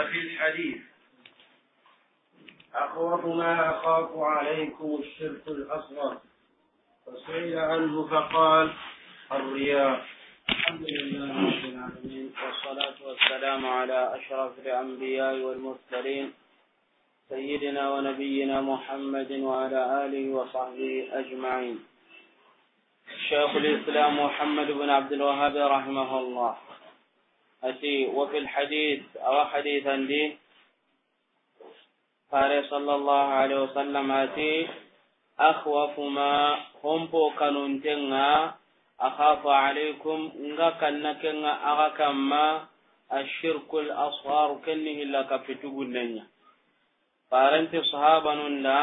وفي الحديث أخوف ما أخاف عليكم الشرك الأصغر فسئل عنه فقال الرياء الحمد لله رب العالمين والصلاة والسلام على أشرف الأنبياء والمرسلين سيدنا ونبينا محمد وعلى آله وصحبه أجمعين شيخ الإسلام محمد بن عبد الوهاب رحمه الله أتي وفي الحديث أرى حديثا لي فارس صلى الله عليه وسلم أتي أخوف ما هم بوكانون تنغا أخاف عليكم نغا كنك نغا ما الشرك الأصغر كنه إلا كفتوب لنيا فارنت صحابة نندا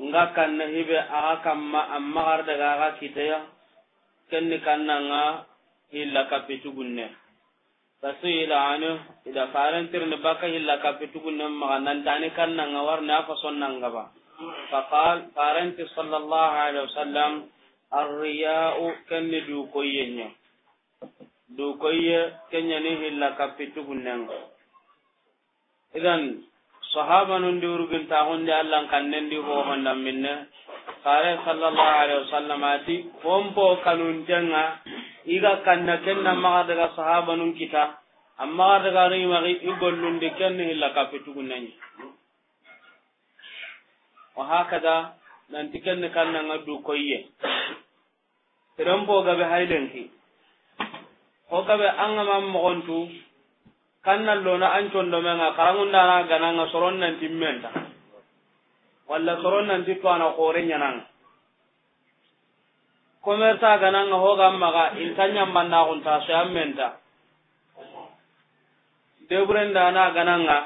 نغا كنه بي أغا كما أمغر دغا كتيا كنه كنه إلا كفتوب لنيا basii laaniru iddoo faare tirinimoo bakka hin lakkabbi tukkune maqaa naldanii kana na waran na fosoo na angaba faare sallallahu aadhi wa sallam ariyaa kennuu duukaa yennuu duukaa kenya hin lakkabbi tukkune. iddoon sohaabaniin dii oorbiin taa'uun diyaar lankaanin dii hoo amina faare sallallahu aadhi wa sallam hombo kaluun iga kanna kenna maga daga sahaba nun kita amma daga ri magi nun de kenne hilla ka fitugun nanyi wa hakada nan tikenni kanna ngadu koyye tiran boga be ki ko kabe anga mam mogontu kanna lona an condo menga karangunda na gananga soron nan timmenta walla soron nan tipana kore nyananga komerta gananga hoga maga in intanya manna kun ta so ammenta debren da na gananga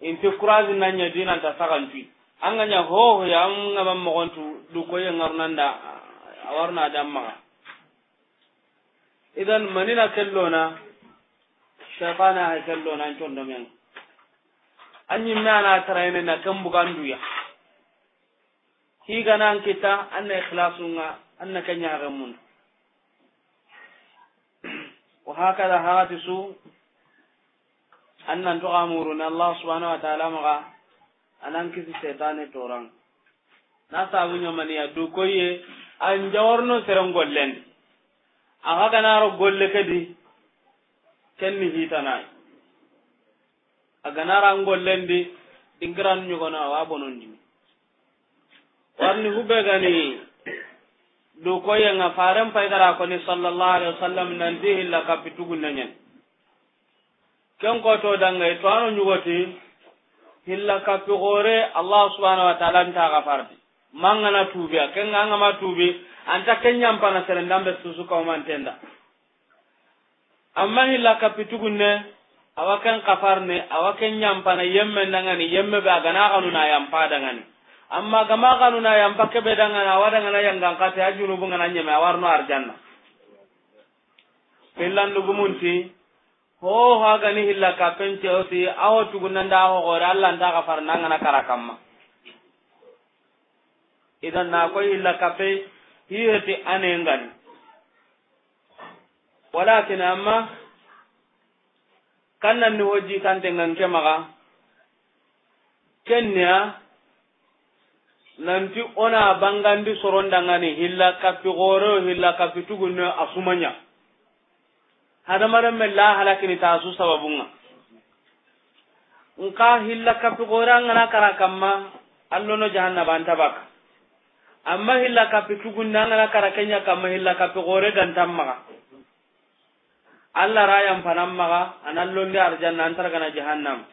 in fi kurazin nan ya dina ta sakan tu an ganya ho ya an ga ban mo tu du ko yin arnan da awarna da maga idan manina na shaytana ha kallo na ton da men an yi mana tarayne na kan bugan duya higa nan kita an na nga an na kan nyaaŋa mun waan kana haala siisu an na ta'a muranen allah subhanahu wa ta'a anan kisi seeta ani tooraan na saabu ɲamaniyaa duukoi anjawarno seren nja waroon nol feree ngolleen kenni hiita naa ganaara ngolleen bi digiraan ɲugannu awa bonon dimi kwar nuhu bɛ gani. nga faren paydara ni sallallahu alaihi wasallam nanti hilla kappi tugunnanyen ken danga to toano ñugoti hilla kappi gore allah subhanahu wa taala ntaga fardi mangana tuubi a kenga angama tuubi anta kenyampana sere ndambe susu tenda amma hilla kappi tugunne awa ken kafarne awa ken yampana yemme ndangani yemme gana kanu na yampa dangani amma gama kanuna yampa kebe dangana awa dangana yangankati a junubu ngana ñeme awarno arjanna fillandugumunti hoho agani hilla ka penceoti aho tugunanda ahoxoore allantaxa farna ngana kara kamma idan na koy hilla kape hiheti anengani walakin amma kannanni hojji kantengan ke maxa kenniya nanti ona bangandi sorondangani hilla kappi goreo hilla kappi tugunne asumanya hadamaren me la halakini tasu sababunga nka hilla kappi gore angana kara kamma allono jahannabanta baka amma hilla kappi tugunne angana kara kenya kamma hilla kappi gore gantan maga allah rayan panan maga analonde arjanna antaragana jahannama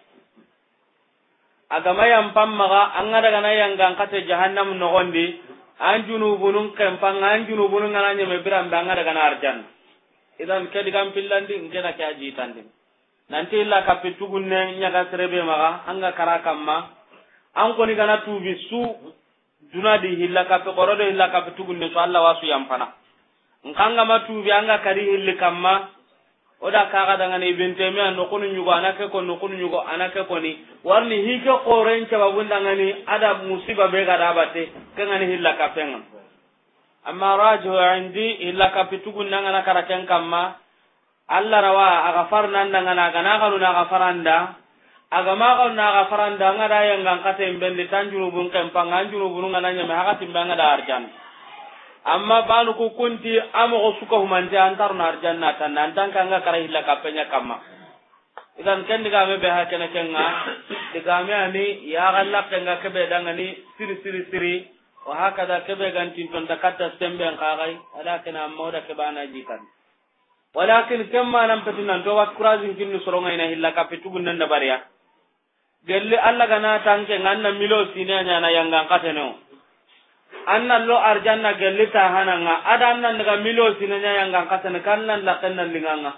agama yampan maga an gadagana yangan kate jahannamu nogondi an junubunun kempan an junubunun gana yeme birambe an gadagana arjan idan kedigan pillandi nkena ke ajitandi nanti illa kappi tugunne nyaga serebe maga anga kara kamma an koni gana tubi su dunadi hilla kappe korodo hilla kappe tugunne so allah wasu yampana nkanga ma tubi anga kari hilli kamma oda kaga dangane ibinte me anokunu nyugo anake ko nokunu nyugo anake koni warni hike qoren cababunda ngani ada musiba be gada bate kangani hilla kapenga amma rajihu indi hilla kapitugunna ngana kara ken kamma allah rawa aga farnanda ngana aga naganu naga faranda aga magalu naga faranda ngada yengan katen bende tanjurubun kempanga anjurubunu ngana nyame hakatimbe ngada arjan amma banu ku kunti amogo suka humanti antaruna arjanna tanna antankanga kara hilla kapenya kamma idan ken diga me be hakene kenga diga me ani ya galla kenga kebe dangani siri siri siri wa hakada kebe gantin ton dakatta sembe an kagai ala kana amma da kebana jikan walakin kamma nan patinan to wat kurazin kinnu soronga ina hilla kapitugun nan da bariya gelli alla gana tanke nganna milo sine nya na yanga kateno anna lo arjanna gelli ta hananga adanna daga milo sine nya yanga katene kannan la kannan linganga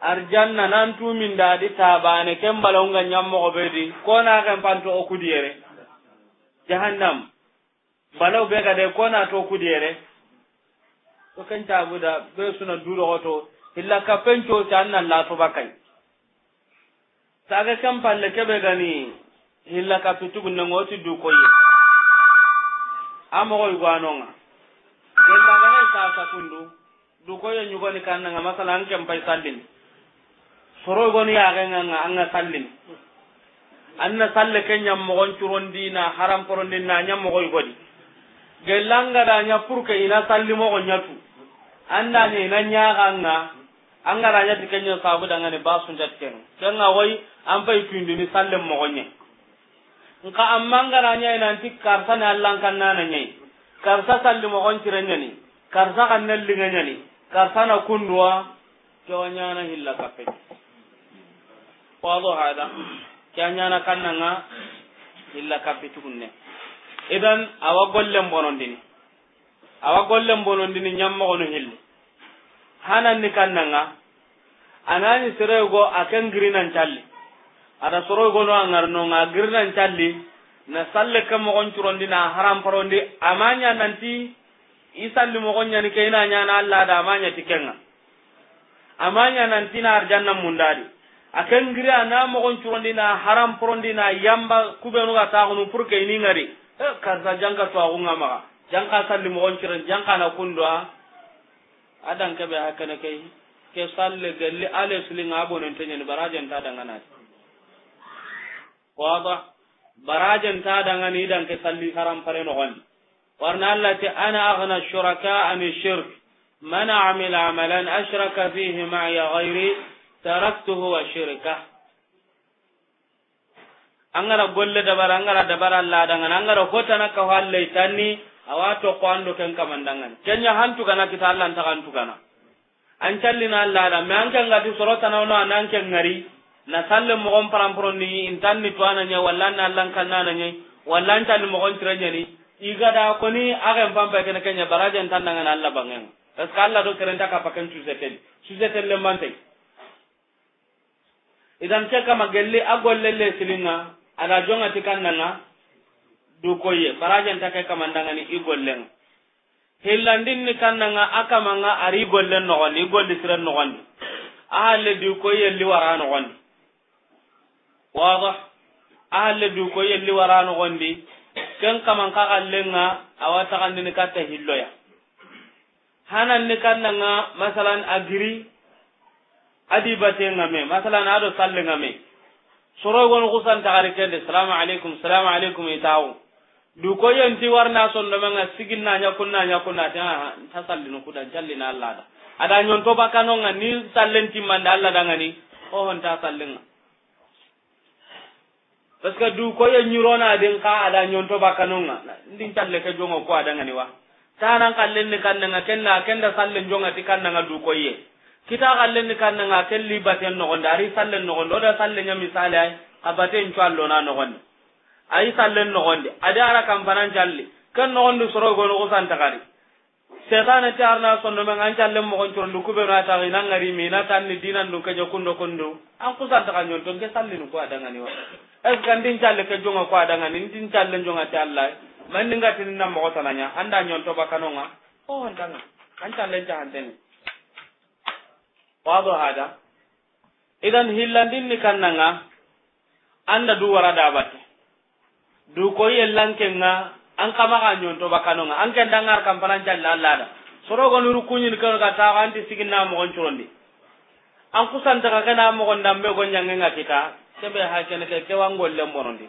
arjanna nan tumindaɗi taɓane ken mbalaunga ñammoko ɓeydi kona ken panto o kudiyere jahannam mbalau ɓe kade kona to kudiyere to ken taɓuda ɓe suna duroko to hilla kappenco si annan latoba kay saga ken palle keɓe gani hilla kappi tugu nengoti du koye amokoy gwanonga gellaganay sasa tundu du koye ñugoni kannanga masala an ken pay sallini sorogonu yaxenganga anga sallini anna salle ke ñammogon curondina haram porondina ñammogoy godi gellangada ña pour que ina sallimogo ñatu andane ina ñaxanga angada ñati keña sabudangani basuntati ken kenga koy an pay tuindini sallen mogoñe nka amma ngara ñayi nanti karsa ne allankannana ñayi karsa sallimogon cire ñani karsa kan nellinge ñani karsa na kunduwa kewa ñana hilla kappeti wado hada kanyana kannanga illa kapitukunne idan awa gollen bonondini awa gollen bonondini ñammogonu hilli hananni kannanga anani serego aken girinan calli ada sorogono a ngarnonga girinan calli na salle ke mogon curondi na haramparondi amaña nanti i salli mogon ñani ke ina ñana allah ada amañati kenga amaña nanti na arjanna mundadi akan gira na mogon curondi na haram porondi na yamba kubenu ga taxunu pour que ini ngari karta janga twaxunga maxa janga salli mogon curon janga na kundwa adan keɓe ha kene kay ke salle gelli ale sulinga bonenteñeni barajenta danganati wada barajenta dangani idan ke salli haram pare nogondi warna allah te ana agna shuraka ani shirk man amila amalan ashraka fihi maya gayri taraktuhu wa shirka angara golle dabara angara dabara ladangan angara hotana ka halle tanni awa to kwando ken kamandangan kenya hantu kana kita Allah ta hantu kana an na Allah da me anke ngati sorota na no ananke ngari na salle mo gon paramporo ni intanni to ananya wallan Allah kanna nanya wallan tan mo gon tiranya ni ko ni aga pampa kana kenya barajan tandangan Allah bangen tas kala do kerenta ka pakan suzeten suzeten le mantai idan ke kama gelli a gollelle silinga ada jonga tikannanga du koye barajen ta kai kamandanga ni igollenga hillandin ni kannanga akamanga ari gollen nogondi igolli siren nogondi ahalle du koye li wara nogondi wadah ahalle du koye li wara nogondi ken kaman ka kallenga awa tagandini katta hilloya hanan ni kannanga masalan agiri adi bate masala na ado salle me soro gon kusan tagari kende salamu alaikum salamu alaikum itawu du ko yanti warna son nga manga sigin na nya kunna nya na ta ta salli no kudan jalli na Allah da ada nyon to bakano ngani sallen timman da Allah da ngani o hon ta sallin parce que du ko yan na din ka ada nyon to bakano nga din talle ka jongo ko ada ngani wa ta tanan kallen ni kan nga kenna kenda sallen jonga ti kan nga du ko ye kita ni kan nga ke li baten no gonda ari sallen no gonda oda sallen nya misale ay kabaten chwallo na no gonda ay sallen no gonda ada ara kampanan jalli kan no gonda soro go no santa kari setan ta arna sonno men an jalle mo gon chorlu kube na ta ina ngari mi na tan ni dinan no kaje kundo kundo an ku santa kan yon to ke sallin ko ada ngani wa es kan din jalle ke jonga ko ada ngani din jalle jonga ta allah man ninga tin na mo ko tananya anda nyon to bakanonga o ndanga kan jalle jahan teni wado hada idan hillandin ni kannanga anda du wara da dabate du ko nga an kama ka nyonto nga an kan dangar kampanan jalla lada soro go nuru kunyin kan ka ta anti siginna mo gon churondi an kusan daga kana mo gon dambe nyang nga kita sebe ha kene ke kewango lemmorondi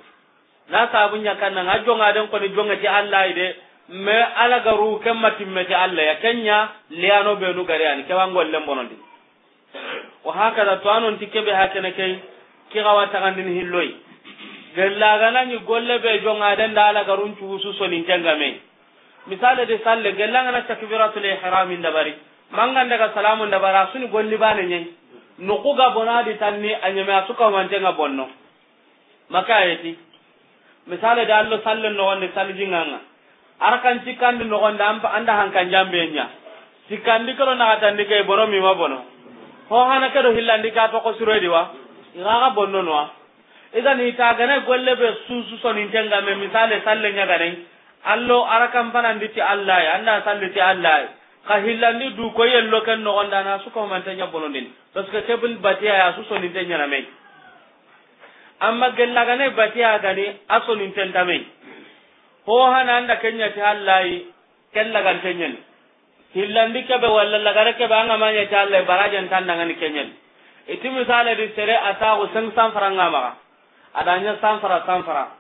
na sabu nya kan nga a jonga den ko ni jonga ti Allah ide me ala garu kemma timme ti Allah ya kenya liano be nu gare an kewango lembonondi wa hakada to anon tikke be hakene kay ki gawa tagandin hilloy gella gana ni golle be jonga den dala garun cuusu sonin jangame misale de salle gella ngana takbiratul ihram dabari. mangan daga salamun dabara suni golli bane nyai nuku ga bonadi tanni anyame asuka mantenga bonno maka yati misale da allo sallen no wonde saljinganga arkan cikandi no wonde anda hankan jambenya cikandi kalo na katandi kay bono mi ma bono ho hana kedo hillandi ka toko siredi wa iraga bonnono wa idan itagane golle be susu sonintenga me misale salle ñaganayi allo ara allah allahy anda salliti allahy ka hillandi du ko yello ken nogonda na suka humante ñabbonondin parce que kebul batiya ya su soninte ñanamey amma gellagane batiya gani a sonintentameyi ho hana anda kenñati allahy ken lagante ñani hillandi kebe walla lagare kebe anga manya ta Allah barajan tan daga ni kenyen iti misale di sere asago seng sanfara nga maka adanya sanfara sanfara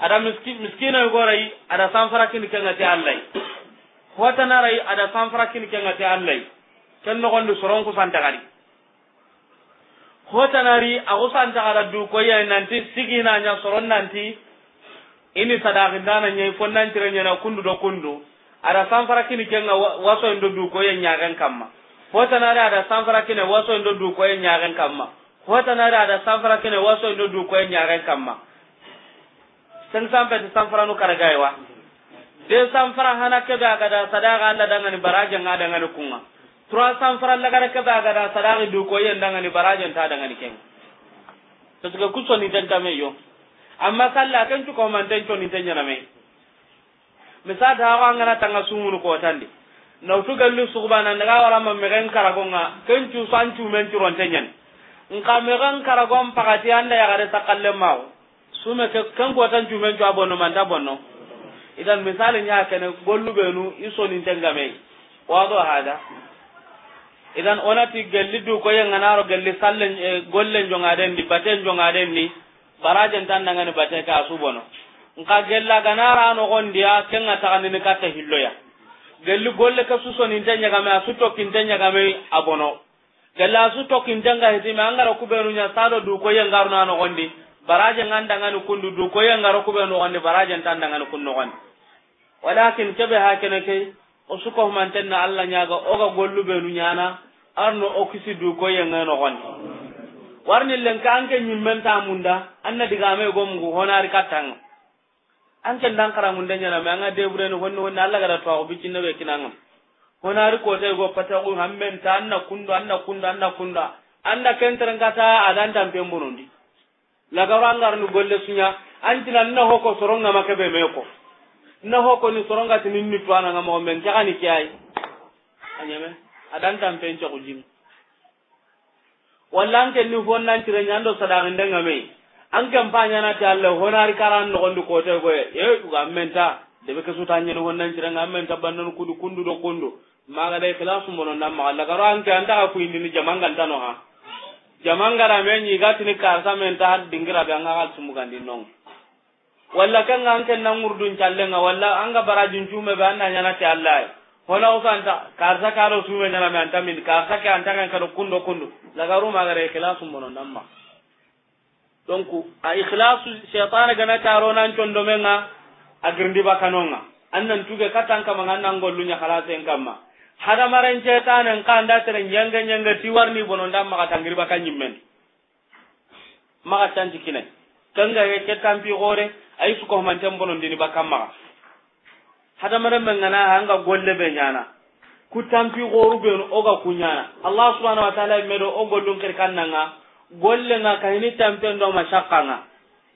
ada miskin miskina gorai ada sanfara kin kenga ti Allah hota rai ada sanfara kin kenga ti allai ken no gondu soron ku santa gari hota nari ago santa gara du ya nanti sigina nya soron nanti ini sadaqindana nyai fonnan tirenya na kundu do kundu ada sanfara kini nga waso ndo du ko yen nyaren kamma hota na ada sanfara kini waso ndo du ko yen nyaren kamma hota na ada sanfara kini waso ndo du ko yen nyaren kamma sen sampe ti sanfara n'o nu wa de sanfara hana ke ga da sadaka anda danga ni baraje nga danga ni kunga trois sanfara lagara ke ga da sadaka du ko yen danga ni baraje ta danga ni kenga to kuso ni tantame yo amma sallah kan ko man tan ko ni tan yana mai misa ta ko an gana tanga sumunu ko tandi na utu galli na daga wara ma megen karagonga ken cu san cu men ci ronte nyen nka megen karagon pakati anda ya gare sakalle mau sume ke ken ko tan cu men cu abono manda bonno idan misali nya kene gollu benu isoni tengame wado hada idan onati gelli du ko yenga naro gelli sallen eh, gollen den di baten den ni barajen tan nangani bate ka subono nka gella ganara no gondiya kenga tagani ni katta hilloya gelli golle ka suso ni tanya game a suto kin tanya game abono gella suto kin tanga hiti ma angara kuberu nya sado du ko yengar no no gondi baraje nganda ngani kundu du ko yengar ko be no gondi baraje tanda ngani kunno gondi walakin kebe hakene ke osuko man tanna alla nyaga oga gollu be nu nyana arno okisi du ko yengar no gondi warni lenka anke nyimmen ta munda anna diga me gom go honari katanga an ken dan kara mun danya me anga de bure no honno honna Allah da to ko bikin be kinanga wani ri ko sai go fata ko hammen ta anna kundo anna kundo anna kundo anna tarin taranga ta adan dan la ga ran rangar nu golle sunya tin na hoko soronga be meko na hoko ni soronga tin ni ga mo men ta ni kiyai anyame adan tan pen ko jimi wallan ke ni fonnan tire dan ga me. an kampanya na dalle honari karan no gondu ko te go e tu gamenta de be kesu tanya no honnan jiran gamenta bannan kudu kundu do kundu maga dai khilasu mono nan ma Allah garo an ta anda ku indi ni jamanga tano ha jamanga ra men yi gatini karsa men ta dingira ga ngal sumu gandi non walla kan an ken nan murdun challe nga walla an ga barajin jume ba anna nyana ta Allah hola usanta karsa karo sume nyana men ta min karsa ke anta kan kado kundo kundo lagaru maga dai khilasu mono nan ma donc a ikhlasu shaytan gana taro nan condo menga agrindi kanonga annan tuge katan kama annan khalas en kama hada maran shaytan en kanda tere nyanga nyanga tiwarni bononda maka tangiri bakanyimmen maka tanji kinai kanga ye ketan bi gore ay su ko man tan bonon dini bakam maka hada maran mengana hanga golle be nyana ku tan bi goru be no oga kunyana allah subhanahu wa ta'ala medo o gollun kirkan nanga golle nga kahini tampen do mashaqqa nga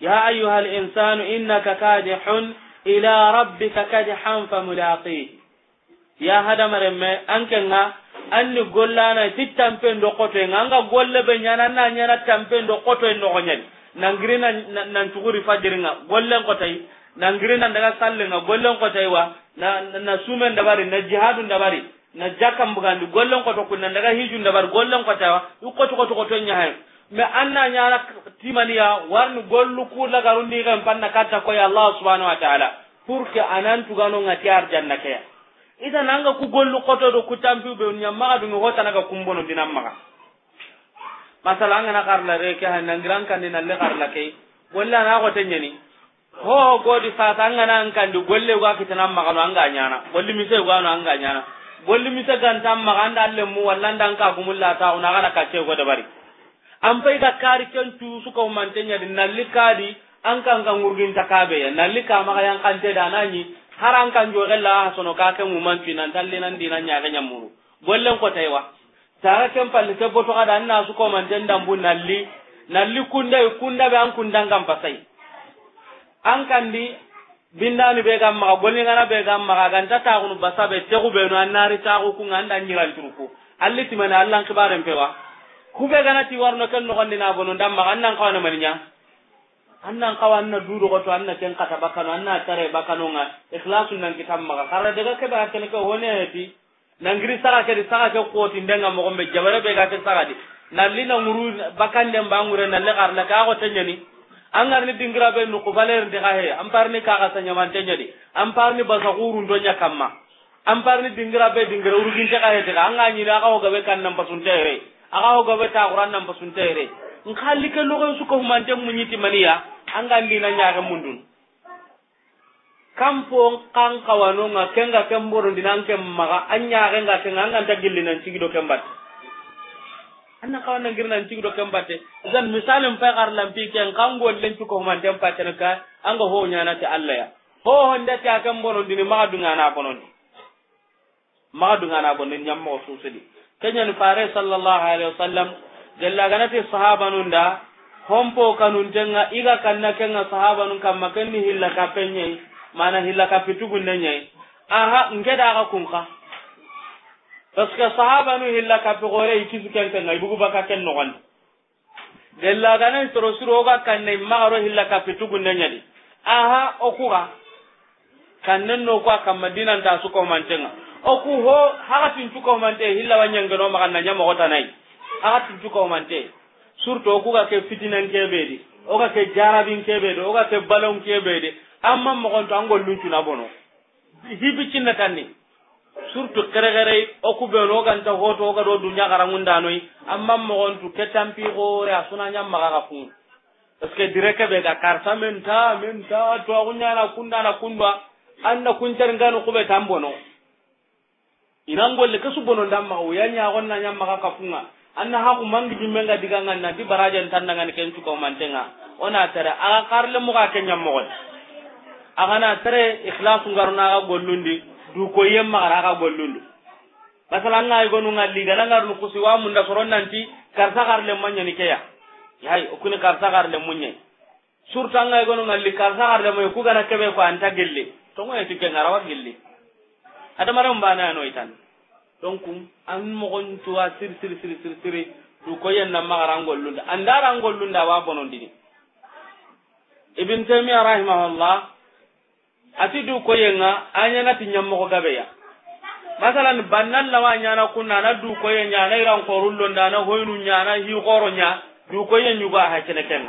ya ayyuhal insanu innaka kadihun ila rabbika kadihan famulaqi ya hadamaremme anke nga anni gollana ti tampen do kotoy nga anga golle be nyana na nyana tampen do kotoy no gonyel nangiri na nan tuguri fajiri nga gollen kotoy nangiri nan daga salle nga gollen kotoy wa na na sumen dabari na jihadun dabari na jakam bugandi gollen kotoy kun nan daga hijun dabari gollen kotoy wa yu kotoy kotoy kotoy nyahay me anna nyana timaniya warni gollu kula garundi kan panna katta ko Allah subhanahu wa ta'ala pour que anan tugano ngati arjanna ke ida nanga ku gollu koto do kutambi be nyamma du ngota naga kumbono dinamma masala ngana karla re ke hanangiran kan ni nalle karla ke golla na ko tenyani ho godi fata ngana ankandi golle ga kitana magano anga nyana golli mise ga no anga nyana golli mise gantam maganda alle mu wallanda anka gumulla ta una kana kace go da bari an fay da kari ken tu su ko mantenya din nalli kadi an kan kan urgin ta kabe ya nalli ka ma yan kan te yi har an kan jo gella sono ka kan mu mantu nan talle nan dinan nya ga muru bollen ko taiwa tara kan palle te boto kada na su ko manten bu nalli nalli kunda kunda be an kunda ngam pasai an kan di ni be gam maka bolli ngana be gam maka gan ta ta kunu basabe te ku be no annari ta ku kun anda nyiran turku alli timana allan kibaren pewa kube ganati warno ken nogondi nabono ndammaga annan kawana maniña annan kawa anna duɗogoto anna ken kata bakkano anna tare bakkanonga ihlasu nanki tammaga kara daga keɓe hakkene ke woneheti nangiri saga kedi saga ke kooti ndenga mogonɓe jabare ɓe gate sagadi nalli nanguru bakkanden mbangure nalli karla ka ko teñani an garni dingira ɓe nuku valernti ka he an parni kaga sañamante ñadi an parni basakuru doña kamma an parni dingira ɓe dingira uruginte ka hete ka an ga ñini a ka hogaɓe kan nan basunte here aga o gobe ta qur'an nan basun tere in khalli ke logo su ko humante jam munyi timaniya an galli na nyaare mundun kampo kan kawano nga kenga kemboro dinan kem maga anya renga kenga ngan ta gilli nan cigido kembat anna kawana girnan cigido kembat zan misalin fa gar lampi ken kan gollen ko humante jam patana ka anga ho na ta Allah ya ho honda ta kemboro dinin maga na bonon maga dungana bonon nyammo susudi kenyani fare sallallahu alaihi wasallam gella ganati sahabanun da hompo kanun tenga iga kanna kenga sahabanun nun makanni kenni hilla kapenye mana hilla pitugun nenye aha ngeda aga kunka parce que sahaba nu hilla kapigore ikisu kenke ngai bugu baka ken nogan gella ganan toro suru oga kanne magaro hilla kapitugun nenye aha okura kannen no kwa kamma dinan ta su ko mantenga oku ho hakatincukaumante hilla wanyangeno maganna ñamogotanayi hakatincukaumante surtout oku ga ke fitinankeɓeedi oga ke jarabinkeɓeede oga ke balonkeɓeede amma mogonto an na bono hibiccinnatanni surtout kerekerey oku ɓeno oganta hoto oga gara duña karangundanoyi amma mogontu ke tampixoore a sunañammaga ka kun fun eske dire keɓe ga karsa men ta men na kunda na kundwa anna kuncarngano kuɓe tan tambono inan golle ke subbonon dan maxa wuya ñaxon na ñam maxa kafunga anna xa xumangi jimmenga digangan nati barajan tannangani ken cukamantenga ona tere axa xarle moxa ke ñammoxon axana tere ixlasu ngaruna axa gollundi dukoyen maxara axa gollundi masala anga yigonunga liganangarnu kusi wa munda soron nanti karsa xarle mañani keya yahay okuni karsa xarle muñay surtout anga yigonunga li karsa xarle moy kugana keɓe ko anta gelli tongoyeti kengarawa gelli ada maran na no itan donc an mogon tuwa sir sir sir sir sir du ko yan nan magaran gollunda andaran gollunda wa bonon dini ibn taymiyyah rahimahullah ati du ko anya na tinya mo ko ya masalan bannan lawa na kunna na du ko nya na iran ko rullo hoyinu nya na hi goro nya du ko yenyu ba ha kene ken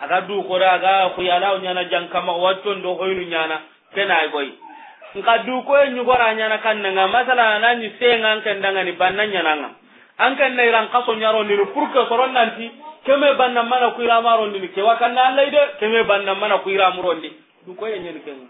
aga du ko da aga ko yala nyana jankama watton do nya na kenai boy nka du ko en nyugora nyana kannanga masala na ni senga kandanga ni banna nyananga an kan na iran kaso nyaro ni pour que soron nanti keme banna mana ku ira maro ni ke wakanna Allah ide keme banna mana ku ira muro ndi du ko en nyen ken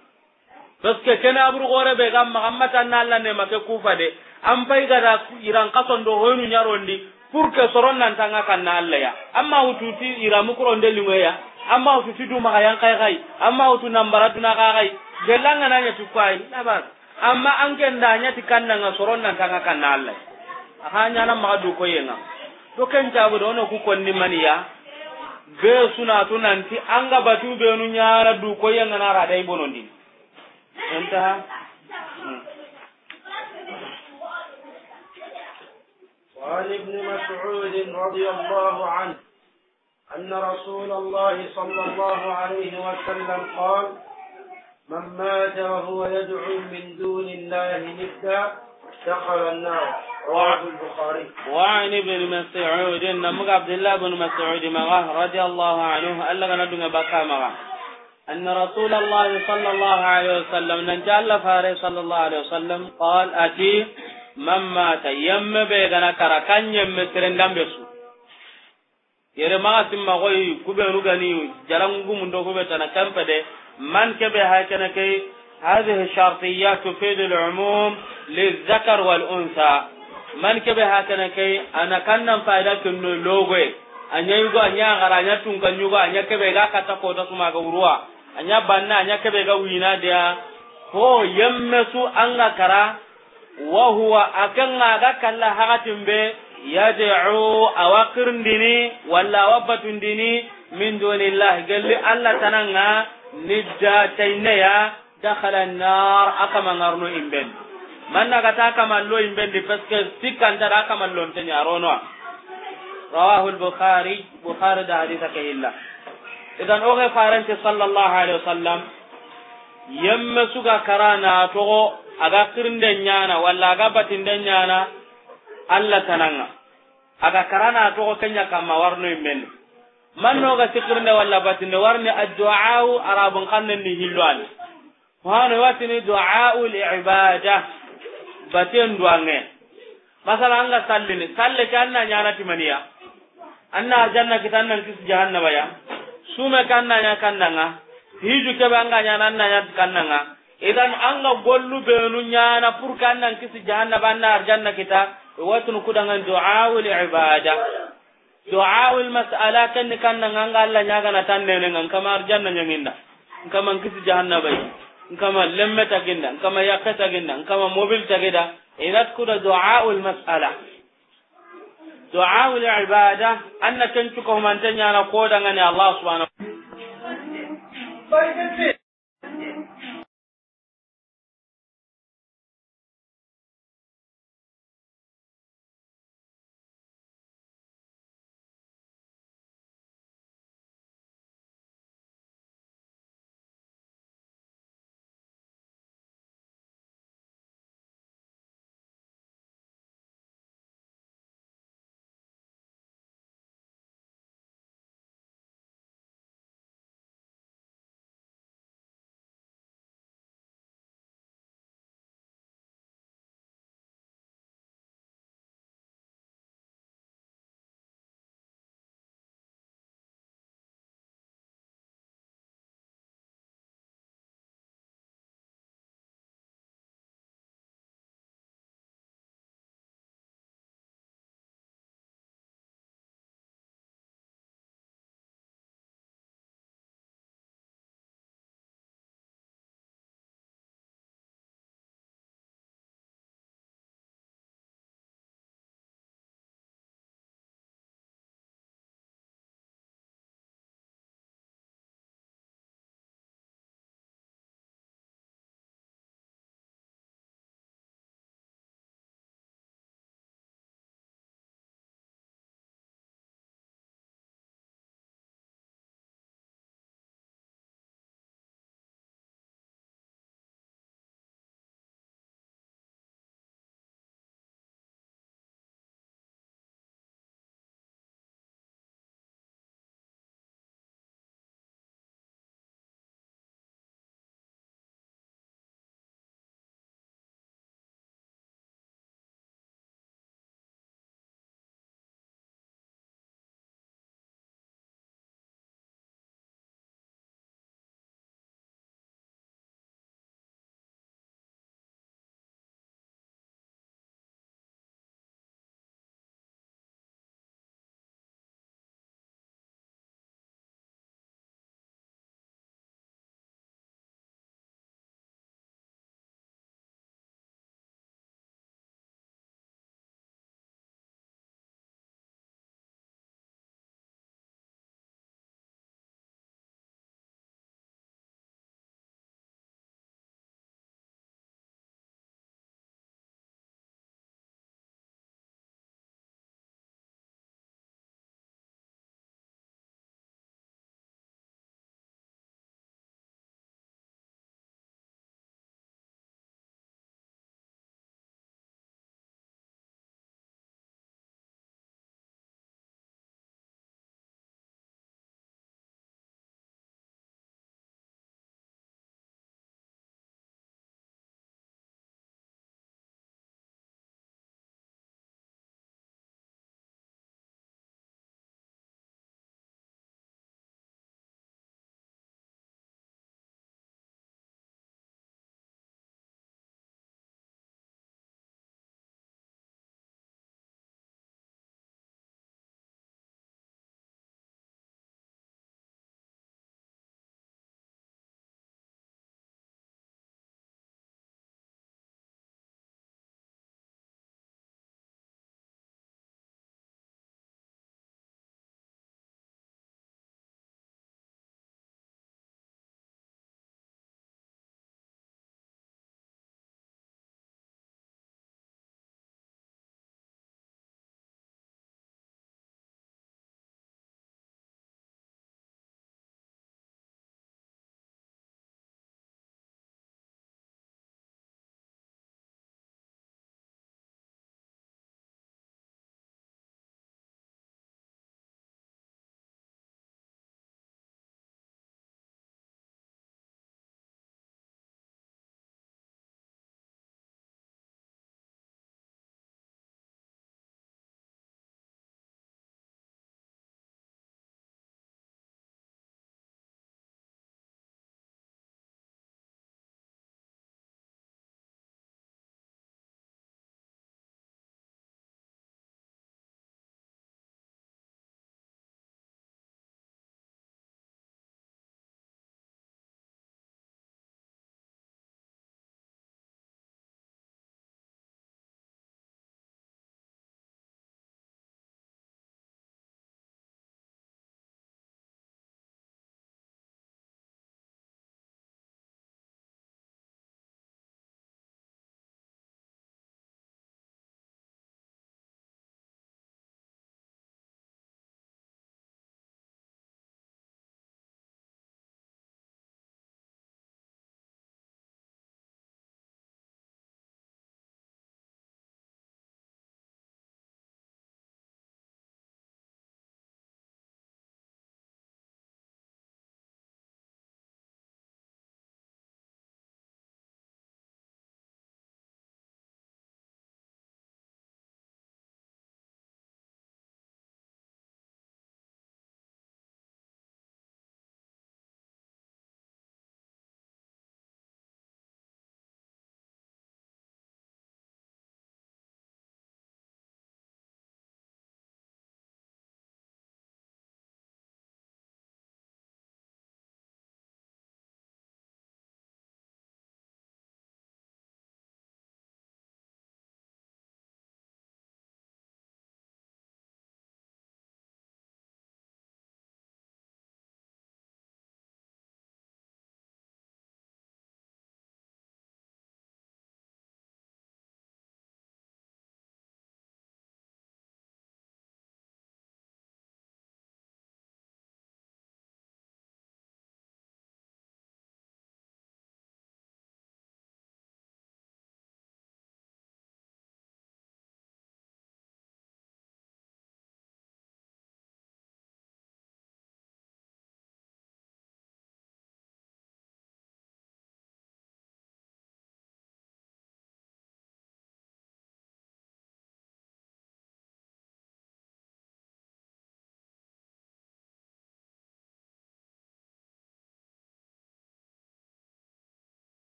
parce que kana abru gore be gam mahammata na Allah ne make kufa de an pai gada iran kaso ndo hoynu nyaro ndi pour que soron nantanga kanna Allah ya amma hututi ira mukro ndelinwe ya amma utu tidu maka yang kai kai amma utu nambara tuna kai kai gelanga nanya tukwai labas amma anke ndanya tikanna nga soron nan tanga kanna Allah hanya nan maka du koyenga to ken jabu dono ku konni maniya be suna tunanti anga batu be nu nyara du koyenga na rada ibonondi enta وعن ابن مسعود رضي الله عنه أن رسول الله صلى الله عليه وسلم قال من مات وهو يدعو من دون الله ندا دخل النار رواه البخاري وعن ابن مسعود نمك عبد الله بن مسعود مغاه رضي الله عنه ألا غندنا بكى مغاه أن رسول الله صلى الله عليه وسلم نجعل فاري صلى الله عليه وسلم قال أتي من مات يم بيغنا كركن يم ترندم بسو yere maga timma koy kube rugani jarangu mun do kube tana kampede man kebe ha kana kay hadhihi shartiyat tufid al-umum lizakar wal-unsa man kebe ha kana kay ana kannan faida tun no logwe anya yugo anya gara anya tun kan yugo anya kebe ga kata ko da kuma ga urwa anya banna anya kebe ga wina dia ko yemmesu anga kara wa huwa akan ga kallah hatin be yaj'u awa dini wala awa dini min dunillahi galli allah tananga nidda da dakhala an-nar akama ngarno imben man ka ta kama lo imben di paske sikkan ta akama lo tanya rono rawahu al-bukhari bukhari da haditha ke illa idan oge faranti sallallahu alaihi wasallam yamma suga karana togo aga kirnden nyana walla aga batinden nyana allah tananga aga karana to kenya kama warno men manno ga sikirne walla batinde warne addu'a arabun kanne ni hilwani wano watini du'au ul ibada batin duange masala anga sallini salle kanna nyana timaniya anna janna kitanna kis jahanna baya sume kanna nya nga hiju kebe anga nyana nanna nya nga idan anga gollu benu nyana pur kanna kis jahanna anna arjanna kita watun kudangan du'aul ibada du'aul mas'ala kan kan nan an Allah nya ga na tanne ne nan kamar janna nya nginda kama kisi jahannaba yi kama lemme ta ginda kama yakka ta ginda kama mobil ta gida irat kuda du'aul mas'ala du'aul ibada anna kan tuko man tanya na kodangan Allah subhanahu